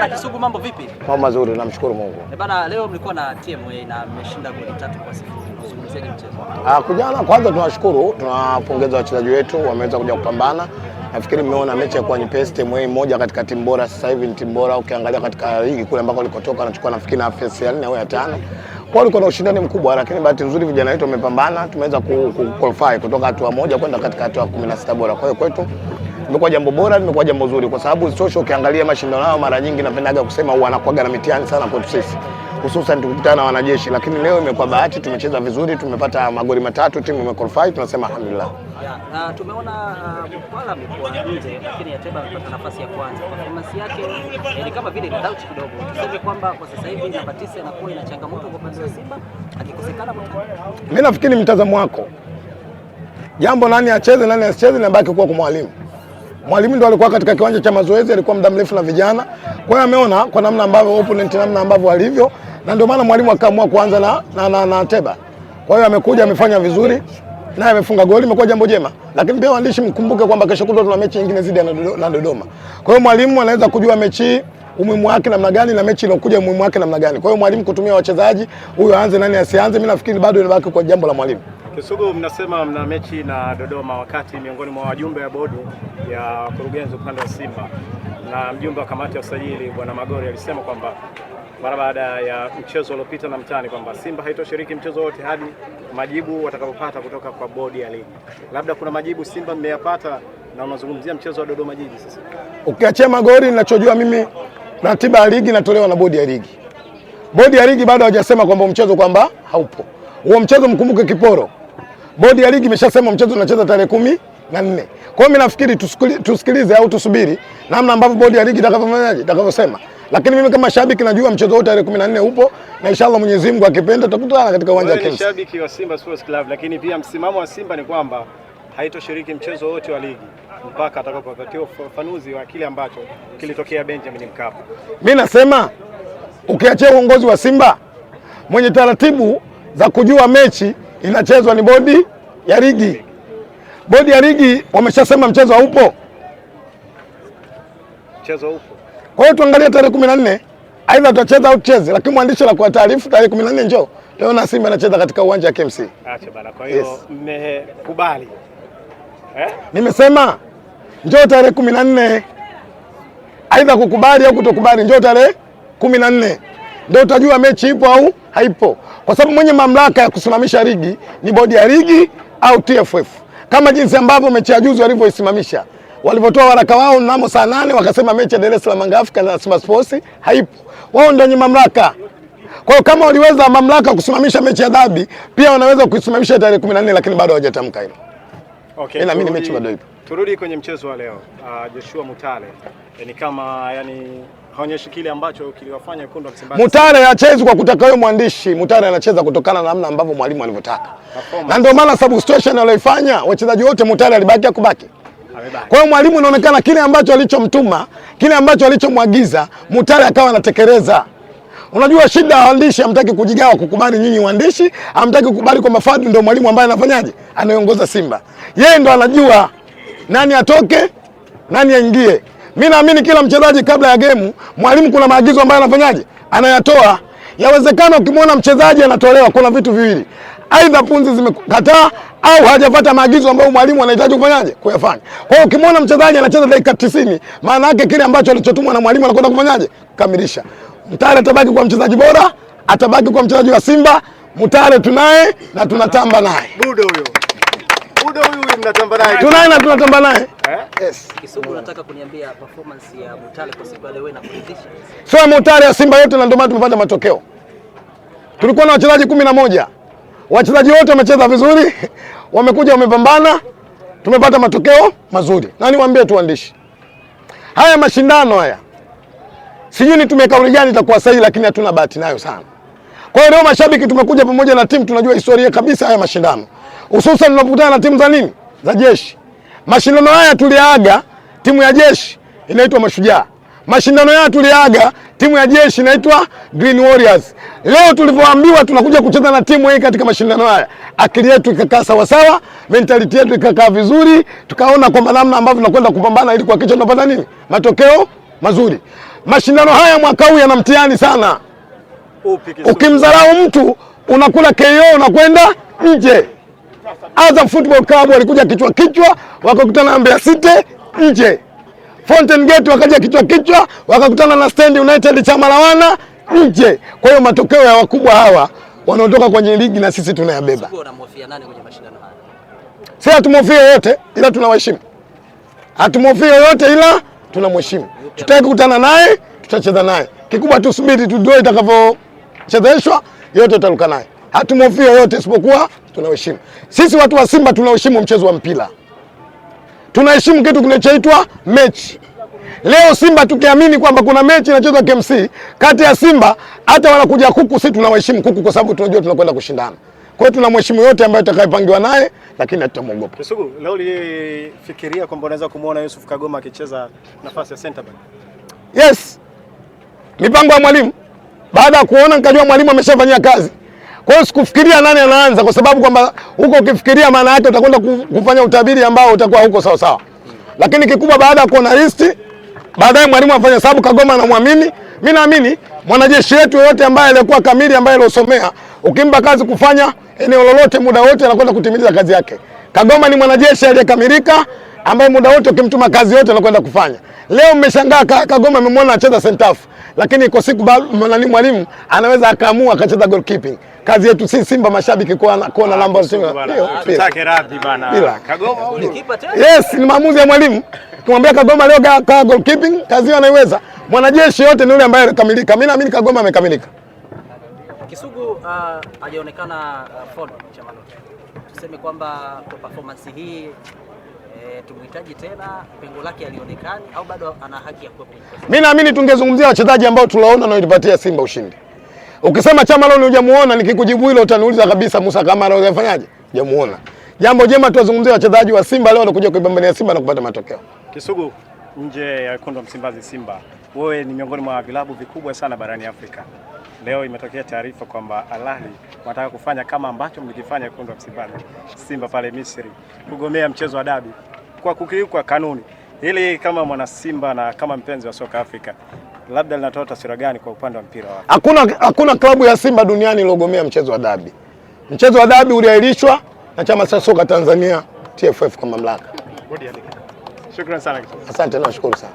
Bana Kisugu, mambo vipi? Mambo mazuri, namshukuru Mungu. Eh, bana leo mlikuwa na TMA na mmeshinda goli tatu kwa sifuri. mchezo? Ah, kujana kwanza tunawashukuru, tunawapongeza wachezaji wetu wameweza kuja kupambana. Nafikiri mmeona mechi ya kuwa nyepesi. TMA moja katika timu bora sasa hivi ni timu bora, ukiangalia katika ligi kule ambako walikotoka anachukua nafikiri nafasi ya 4 au ya tano. Kwa hiyo kuna ushindani mkubwa, lakini bahati nzuri vijana wetu wamepambana, tumeweza ku qualify kutoka hatua moja kwenda katika hatua 16 bora. Kwa hiyo kwetu imekuwa jambo bora, limekuwa jambo zuri, kwa sababu Social ukiangalia mashindano yao mara nyingi napendaga kusema huwa anakuwaga na mitihani sana kwetu sisi, hususan tukikutana na wanajeshi, lakini leo imekuwa bahati, tumecheza vizuri, tumepata magoli matatu, timu imequalify, tunasema alhamdulillah. Uh, tumeona Mkwala amekuwa nje lakini Ateba amepata nafasi ya kwanza. Performance yake ni kama vile ni doubt kidogo. Tuseme kwamba kwa sasa hivi namba 9 inakuwa ina changamoto kwa upande wa Simba akikosekana. Mimi nafikiri mtazamo wako jambo, nani acheze nani asicheze, nabaki kuwa kwa mwalimu Mwalimu ndo alikuwa katika kiwanja cha mazoezi, alikuwa muda mrefu na vijana. Kwa hiyo ameona kwa namna ambavyo opponent, namna ambavyo walivyo, na ndio maana mwalimu akaamua kuanza na, na, na, na Teba. Kwa hiyo amekuja amefanya vizuri naye amefunga goli, imekuwa jambo jema, lakini pia waandishi mkumbuke kwamba kesho kutwa tuna mechi nyingine zidi na Dodoma. Kwa hiyo mwalimu anaweza kujua mechi umuhimu wake namna gani na mechi iliyokuja umuhimu wake namna gani. Kwa hiyo mwalimu kutumia wachezaji, huyo aanze nani asianze, mimi nafikiri bado inabaki kwa jambo la mwalimu. Kisugu, mnasema mna mechi na Dodoma, wakati miongoni mwa wajumbe wa bodi ya kurugenzi upande wa Simba na mjumbe wa kamati ya usajili bwana Magori alisema kwamba mara baada ya mchezo uliopita na mtani kwamba Simba haitoshiriki mchezo wote hadi majibu watakapopata kutoka kwa bodi ya ligi. Labda kuna majibu Simba mmeyapata, na unazungumzia mchezo wa Dodoma Jiji sasa. Ukiachia Magori, ninachojua mimi Ratiba ya ligi inatolewa na bodi ya ligi. Bodi ya ligi bado hawajasema kwamba mchezo kwamba haupo huo mchezo. Mkumbuke kiporo, bodi ya ligi imeshasema mchezo unacheza tarehe kumi na nne. Kwa hiyo mimi nafikiri tusikilize au tusubiri namna ambavyo bodi ya ligi itakavyofanyaje, itakavyosema. Lakini mimi kama shabiki najua mchezo wote tarehe 14 upo na inshallah Mwenyezi Mungu akipenda tutakutana katika uwanja wa Kings. Shabiki wa Simba Sports Club, lakini pia msimamo wa Simba ni kwamba haitoshiriki mchezo wote wa ligi mpaka atakapopatiwa ufafanuzi wa kile ambacho kilitokea Benjamin Mkapa. Mimi nasema ukiachia uongozi wa Simba mwenye taratibu za kujua mechi inachezwa ni bodi ya ligi. Bodi ya ligi wameshasema mchezo haupo, mchezo haupo. Kwa hiyo tuangalie tarehe kumi na nne aidha tutacheza au tucheze, lakini mwandishi la kwa taarifu tarehe kumi na nne njoo leo na Simba anacheza katika uwanja wa KMC. Acha bana. Kwa hiyo yes, mmekubali Nimesema njoo tarehe kumi na nne aidha kukubali au kutokubali, njoo tarehe kumi na nne ndio utajua mechi ipo au haipo, kwa sababu mwenye mamlaka ya kusimamisha ligi ni bodi ya ligi au TFF, kama jinsi ambavyo mechi ya juzi walivyoisimamisha, walivyotoa waraka wao mnamo saa nane wakasema mechi ya Dar es Salaam Afrika na Simba Sports haipo. Wao ndio wenye mamlaka. Kwa hiyo kama waliweza mamlaka kusimamisha mechi ya dabi, pia wanaweza kuisimamisha tarehe 14 lakini bado hawajatamka hilo. Okay, ila mimi mechi bado ipo. Turudi kwenye mchezo wa leo. Uh, Joshua Mutale e, ni kama yani haonyeshi kile ambacho kiliwafanya kundi wa Simba. Mutale hachezi kwa kutaka yeye mwandishi. Mutale anacheza kutokana na namna ambavyo mwalimu alivyotaka. Na ndio maana substitution aliyoifanya wachezaji wote Mutale alibaki kubaki. Kwa hiyo mwalimu inaonekana kile ambacho alichomtuma, kile ambacho alichomwagiza, Mutale akawa anatekeleza. Unajua shida ya waandishi, hamtaki kujigawa, kukubali nyinyi waandishi, hamtaki kukubali kwamba Fadlu ndio mwalimu ambaye anafanyaje, anaongoza Simba. Yeye ndo anajua nani atoke, nani aingie. Mi naamini kila mchezaji kabla ya gemu, mwalimu kuna maagizo ambayo anafanyaje, anayatoa. Yawezekana ukimwona mchezaji anatolewa, kuna vitu viwili, aidha punzi zimekataa au hajapata maagizo ambayo mwalimu anahitaji kufanyaje kuyafanya. Kwa hiyo ukimwona mchezaji anacheza dakika 90, maana yake kile ambacho alichotumwa na mwalimu anakwenda kufanyaje kamilisha. Mtare atabaki kwa mchezaji bora, atabaki kwa mchezaji wa Simba. Mtare tunaye na tunatamba naye, tunaye na tunatamba naye eh? Yes. Sio Mtare ya Simba yote, na ndio maana tumepata matokeo. Tulikuwa na wachezaji kumi na moja, wachezaji wote wamecheza vizuri, wamekuja wamepambana, tumepata matokeo mazuri, na niwaambie tu waandishi, haya mashindano haya Sijui ni tumekauli gani itakuwa sahihi, lakini hatuna bahati nayo sana. Kwa hiyo leo mashabiki, tumekuja pamoja na timu, tunajua historia kabisa haya mashindano, hususan tunapokutana na timu za nini, za jeshi. Mashindano haya tuliaga timu ya jeshi inaitwa Mashujaa. Mashindano haya tuliaga timu ya jeshi inaitwa Green Warriors. Leo tulivyoambiwa tunakuja kucheza na timu hii katika mashindano haya, akili yetu ikakaa sawa sawa, mentality yetu ikakaa vizuri, tukaona kwamba namna ambavyo tunakwenda kupambana ili kuhakikisha tunapata nini, matokeo mazuri. Mashindano haya mwaka huu yana mtihani sana. Ukimdharau mtu unakula KO, unakwenda nje. Azam Football Club walikuja kichwa kichwa, wakakutana na Mbeya City nje. Fountain Gate wakaja kichwa kichwa, wakakutana na Stand United cha Malawana nje. Kwa hiyo matokeo ya wakubwa hawa wanaotoka kwenye ligi na sisi tunayabeba. Sisi hatumhofia yoyote, ila tunawaheshimu. Hatumhofia yoyote, ila tunamheshimu. Tutaki kukutana naye, tutacheza naye. Kikubwa tusubiri tujue itakavyochezeshwa, yote tutaluka naye. Hatumhofii yoyote isipokuwa tunaheshimu. Sisi watu wa Simba tunaheshimu mchezo wa mpira, tunaheshimu kitu kinachoitwa mechi. Leo Simba tukiamini kwamba kuna mechi inachezwa KMC kati ya Simba, hata wanakuja kuku, sisi tunawaheshimu kuku kwa sababu tunajua tunakwenda kushindana. Kwa hiyo mheshimu yote ambaye atakayepangiwa naye, lakini hatutamwogopa. Kisugu, leo ulifikiria kwamba unaweza kumuona Yusuf Kagoma akicheza nafasi ya center back? Yes. Mipango ya mwalimu. Baada ya kuona nikajua mwalimu ameshafanyia kazi. Kwa hiyo sikufikiria nani anaanza kwa sababu kwamba huko ukifikiria maana yake utakwenda kufanya utabiri ambao utakuwa huko sawa sawa. Lakini kikubwa baada ya kuona listi, baadaye mwalimu afanya sababu Kagoma anamwamini mimi naamini mwanajeshi wetu yoyote ambaye alikuwa kamili, ambaye aliosomea, ukimpa kazi kufanya eneo lolote, muda wote anakwenda kutimiliza kazi yake. Kagoma ni mwanajeshi aliyekamilika ambaye muda wote ukimtuma kazi yote anakwenda kufanya. Leo mmeshangaa Kagoma amemwona anacheza sentafu, lakini iko siku nani mwalimu anaweza akaamua akacheza goalkeeping. Kazi yetu si Simba mashabiki kuona ah, namba yes, ni maamuzi ya mwalimu. Kumwambia Kagoma leo ka goalkeeping, kazi anaiweza Mwanajeshi yote ni yule ambaye amekamilika. Mimi naamini Kagoma amekamilika. Kisugu uh, hajaonekana uh, form chama. Tuseme kwamba kwa performance hii e, eh, tumhitaji tena, pengo lake alionekani au bado ana haki ya kuwepo? Mimi naamini tungezungumzia wachezaji ambao tuliwaona na kutupatia Simba ushindi. Ukisema chama leo hujamuona, nikikujibu hilo utaniuliza kabisa, Musa Kamara unafanyaje? Hujamuona. Jambo jema, tuwazungumzie wachezaji wa Simba leo wanakuja kuipambania Simba na kupata matokeo. Kisugu, nje ya kondo Msimbazi Simba wewe ni miongoni mwa vilabu vikubwa sana barani Afrika. Leo imetokea taarifa kwamba Al Ahly wanataka kufanya kama ambacho mlikifanya kundi wa Msimbazi, Simba pale Misri, kugomea mchezo wa dabi kwa kukiuka kanuni. Hili kama mwana Simba na kama mpenzi wa soka Afrika, labda linatoa taswira gani kwa upande wa mpira wako? Hakuna, hakuna klabu ya Simba duniani iliyogomea mchezo wa dabi. Mchezo wa dabi uliahirishwa na chama cha soka Tanzania TFF kwa mamlaka. Shukrani sana. Asante, nashukuru sana.